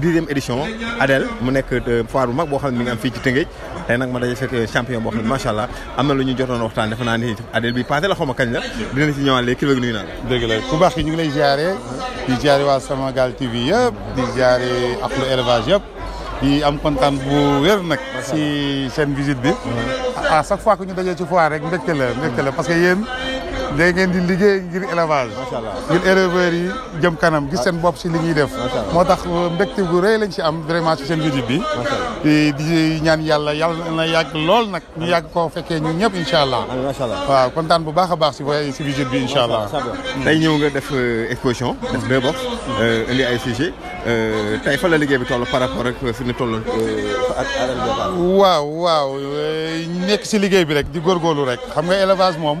dixième édition Adel mu nekk euh, foire bu mag boo xam ne mi ngi am fii ci Tëngéej tey nag ma daje fekk euh, champion boo xam ne allah am na lu ñu jotoon waxtaan defe naa ni Adel bi passé la xaw ma kañ la dina ci ñëwaat léegi kilifa gi nuyu naa la. baax ki ñu ngi lay ziare di ziare waa Samagal TV yëpp di ziare Aklu élevage yëpp di am kontaan bu wér nag. si seen visite bi. à chaque fois que ñu dajee ci foire rek mbégte la mbégte la parce que yéen. léegi ngeen di liggéey ngir élevage. macha allah ngir éleveurs yi jëm kanam gis seen bopp si li ñuy def. moo tax euh, mbégte gu rëy lañ si am vraiment si seen visite bi. di ñaan yàlla yàlla na yàgg lool nag. ñu yàgg koo fekkee ñu ñëpp incha allah. macha allah kontaan bu baax a baax si voyage si visite bi incha allah. tey ñëw nga def euh, exposition. def deux box euh, indi ay sujet tey fa liggéey bi toll par rapport ak fi mu tolloon. waaw waaw nekk si liggéey bi rek di góorgóorlu rek xam nga élevage moom.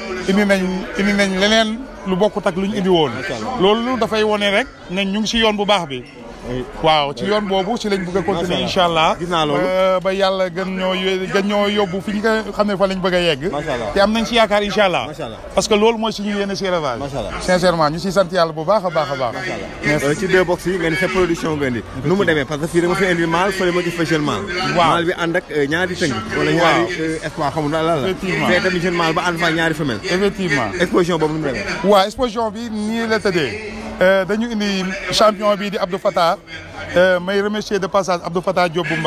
indi nañ indi nañ leneen lu bokkut ak lu ñu indi woon. loolu dafay wone rek ne ñu ngi si yoon bu baax bi. waaw ci yoon boobu ci lañ bëgg a continuer incha allah gis naa euh, ba yàlla gën ñoo fi ñu nga xam ne fa lañ bëgg a yegg te am nañ ci yaakaar incha parce que loolu mooy suñu yéene si élevage sincèrement ñu siy sant yàlla baax a baax a baax euh, ci deux box yi sa production nga indi nu parce que fii fi indi maal fële fa jeune maal maal bi ànd ak euh, ñaari tëng wala ñaari espoir xamul lan la fee tamit jeune maal ba Euh, dañu indi champion bi di Abdou Fatah euh, may remercier de passage Abdou Fatah Diop bu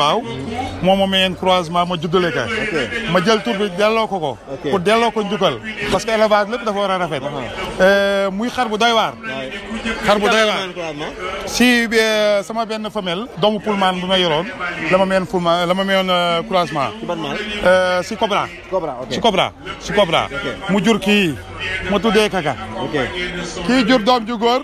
momo mayen croisement ma juddale ka ma jël tour bi delloo ko ko pour delloo ko njukkal parce que élevage lepp dafa wara rafet rafet uh-huh. euh, muy xar bu doy war xar bu doy war si sama ben femelle doomu pulmaan bu may yoron dama mayen meen dama la croisement mayoon si Cobra si Cobra si Cobra mu jur ki ma tuddee kaka ki jur dom ju gor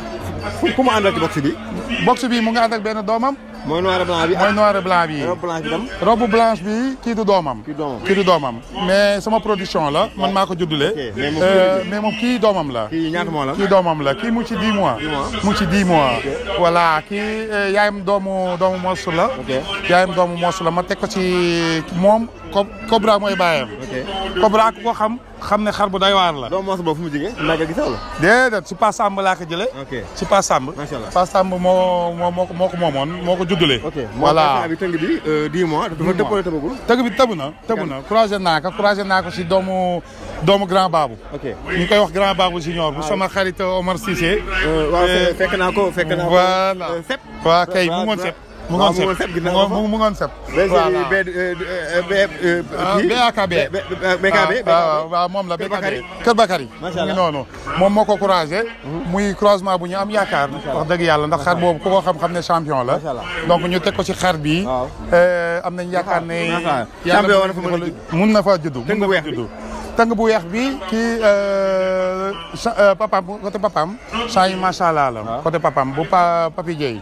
ku mu ànd ak box bi. box bi mu ngi ànd ak benn doomam. mooy noir et blanc bi mooy noir et blanc bi. robe blanche bi tam. robe blanche bi kii du doomam. kii doomam kii du doomam. mais sama production la man maa ko juddulee. Euh, mais moom kii doomam la. kii ñaata moo la kii doomam la kii mu ci 10 mois. mu ci 10 mois. voilà kii euh, yaayam doomu doomu mosu la. yaayam doomu mosu la ma teg ko ci moom. Cobra mooy baayam. Cobra ku ko xam. xam ne xar bu day waar la. doomu moos boobu fu mu jógee naaja gi la. déedéet laa ko jëlee. ok si Pa Samb. moo moo moo ko moo ko moomoon moo ko juddulee. ok voilà bi tëng bi 10 euh, mois. dafa dëppale tëbagul. na tëbu na croisé naa ko croisé naa ko si doomu grand baabu. ok koy wax grand baabu junior bu ah. sama xarit Omar Cissé. Euh, waaw euh, naa ko fekk kay bu moon set. mu ngoon sepp mu ngoon sepp. voilà ba BAKB. BAKB waaw moom la BAKB. Kër Bakary macha allah noonu moom moo ko couragé. muy croisement bu ñu am yaakaar. wax dëgg yàlla ndax xar boobu ku ko xam-xam ne champion la. donc ñu teg ko ci xar bi eh, am nañ yaakaar ne. champion war na fa mën a mun na faa juddu. tëng bu weex bi tëng bu weex bi kii eh, eh, papaam côté papaam. saa yi macha allah la. côté papaam bu pa papi Dieye.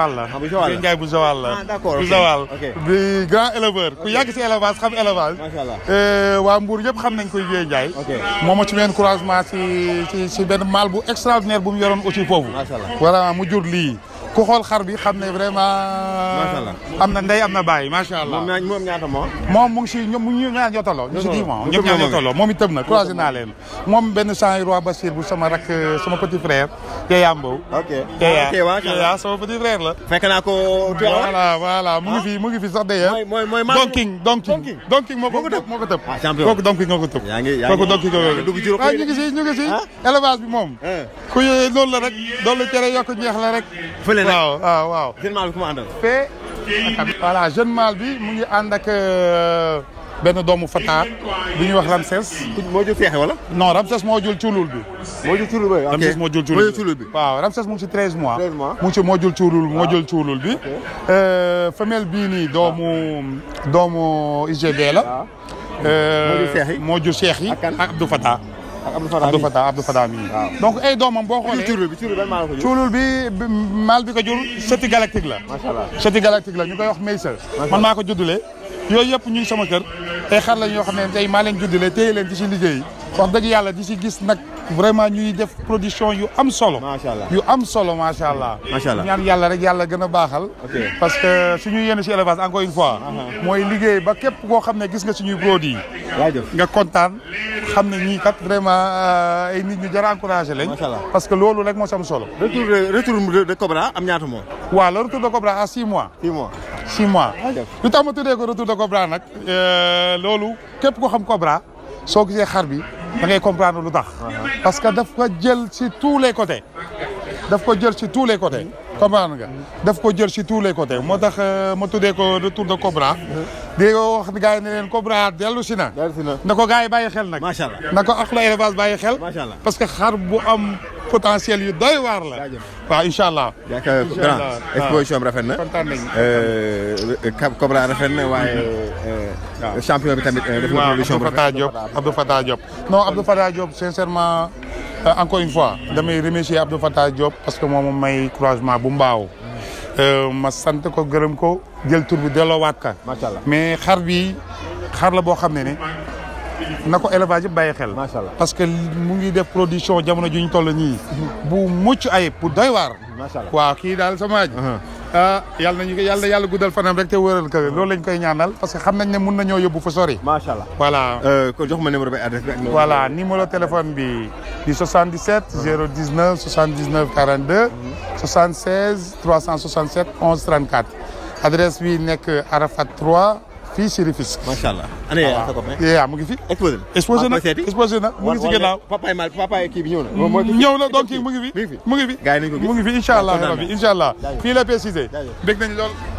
Joal la. bu Joal la Ndiaye bu Joal la. ah d'accord bu Joal. di grand éleveur ku yàgg si élevage xam élevage. macha allah eh, waa Mbour yëpp xam nañ koy Ndiaye Ndiaye. ok moom moo ci benn encouragement si si si benn maal bu extraordinaire bu mu yoroon aussi foofu. macha allah voilà mu jur lii. ku xool xar bi xam ne vraiment. macha allah am na ndey am na bàyyi macha allah. moom moom mu ngi si ñoom ñu ñaar ñoo tolloo. ñu moom itam na croisé naa leen. bu sama rak sama petit frère. Yaya Mbow. ok ah, Yaya sama petit frère la. fekk naa ko. voilà voilà mu ngi fi ah. mu ngi fi sax de yéen. mooy mooy mooy donking donking. donking moo ko tëb moo ko tëb. ah champion kooku donking moo ko tëb. yaa ngi yaa ngi dugg ci rëb yi ah, ñu ngi si ñu ngi si élevage bi moom. Eh. ku loolu la la nekk waaw waaw waaw. jeune mâle bi ku ma àndal. fee. voilà jeune mâle bi mu ngi ànd ak benn doomu Fataar bi ñuy wax Ramses. moo jur feexe wala. non Ramses moo jul cuulul bi. moo jul cuulul bi Ramses moo jul cuulul bi. waaw Ramses mu ngi ci treize mois. treize mois mu ngi ci moo jul cuulul moo jul cuulul bi. femelle bii nii doomu doomu UGB la. moo jur seex yi moo jur seex yi ak Abdou Fataar. ak Abdou Fatah Abdou Fatah mi waaw donc ay doomam boo xoolee cuulul bi cuulul ban maal maal bi ko jur sëti galactique la macha allah sëti galactique la ñu koy wax Meysa man maa ko juddulee yooyu yëpp ñu ngi sama kër ay xar lañ yoo xam ne tey maa leen juddulee téye leen di si liggéey wax dëgg di si gis nag vraiment ñuy def production yu am solo. yu am solo macha allah. macha allah ñaan yalla rek yalla gëna baxal parce que suñu yéene ci élevage encore une fois. Uh-huh. moy liggéey ba képp koo xam ne gis nga suñuy produits yi. nga kontaan xam ne ñii kat vraiment euh, ay nit ñu jar a encouragé lañ. parce que loolu rek moo si am solo. retour retour de Cobra am ñaata mois. waaw le retour de Cobra à six mois. six mois six mois. lu tax ma tuddee ko retour de Cobra nag. Euh, loolu képp ko xam Cobra soo gisee xar bi. da ngay comprendre lu tax. parce que daf ko jël ci tous les côtés. daf ko jël ci tous les côtés. comprendre nga daf ko jël ci tous les côtés moo tax euh, ma tuddee ko retour de Cobra. di wax gars yi ne leen Cobra dellu si na. na ko gars yi bàyyi xel nag. macha allah na ko ak la élevage bàyyi xel. macha allah parce que xar bu am. potentiel yu doy waar la. waaw incha allah. yaakaar exposition bi rafet na. Euh, euh, Cobra rafet na waaye. Euh, champion bi tamit. def na évolution bu Abdou fata Diop non Abdou fata Diop sincèrement encore une fois. damay remercier Abdou fata Diop parce que moom may croisement bu mbaaw. ma sant ko gërëm ko jël tur bi delloowaat ka. macha allah mais xar bi xar la boo xam ne ne. na ko élevage yëpp bàyyi xel. macha allah parce que mu ngi def production jamono ju ñu toll nii. bu mucc ayib bu doy waar. macha allah waaw kii daal sama ji. Uh-huh. ah yàlla te wëral ka uh-huh. loolu lañ koy ñaanal parce que xam nañ ne mun nañoo yóbbu fa sori. macha allah voilà. Euh, kon jox ma numéro bi adresse bi ak. voilà numéro téléphone bi di 77. 019 79 42. 76 367 bi nekk Arafat 3. fii si Rufisque. macha allah année yaa sa copain. yaa mu ngi fi. exposé na exposé na mu ngi si ginnaaw. papaay mal papaay kii bi na. mu ngi fi. mu ngi fi mu ngi fi. gars yi la précisé. dégg nañu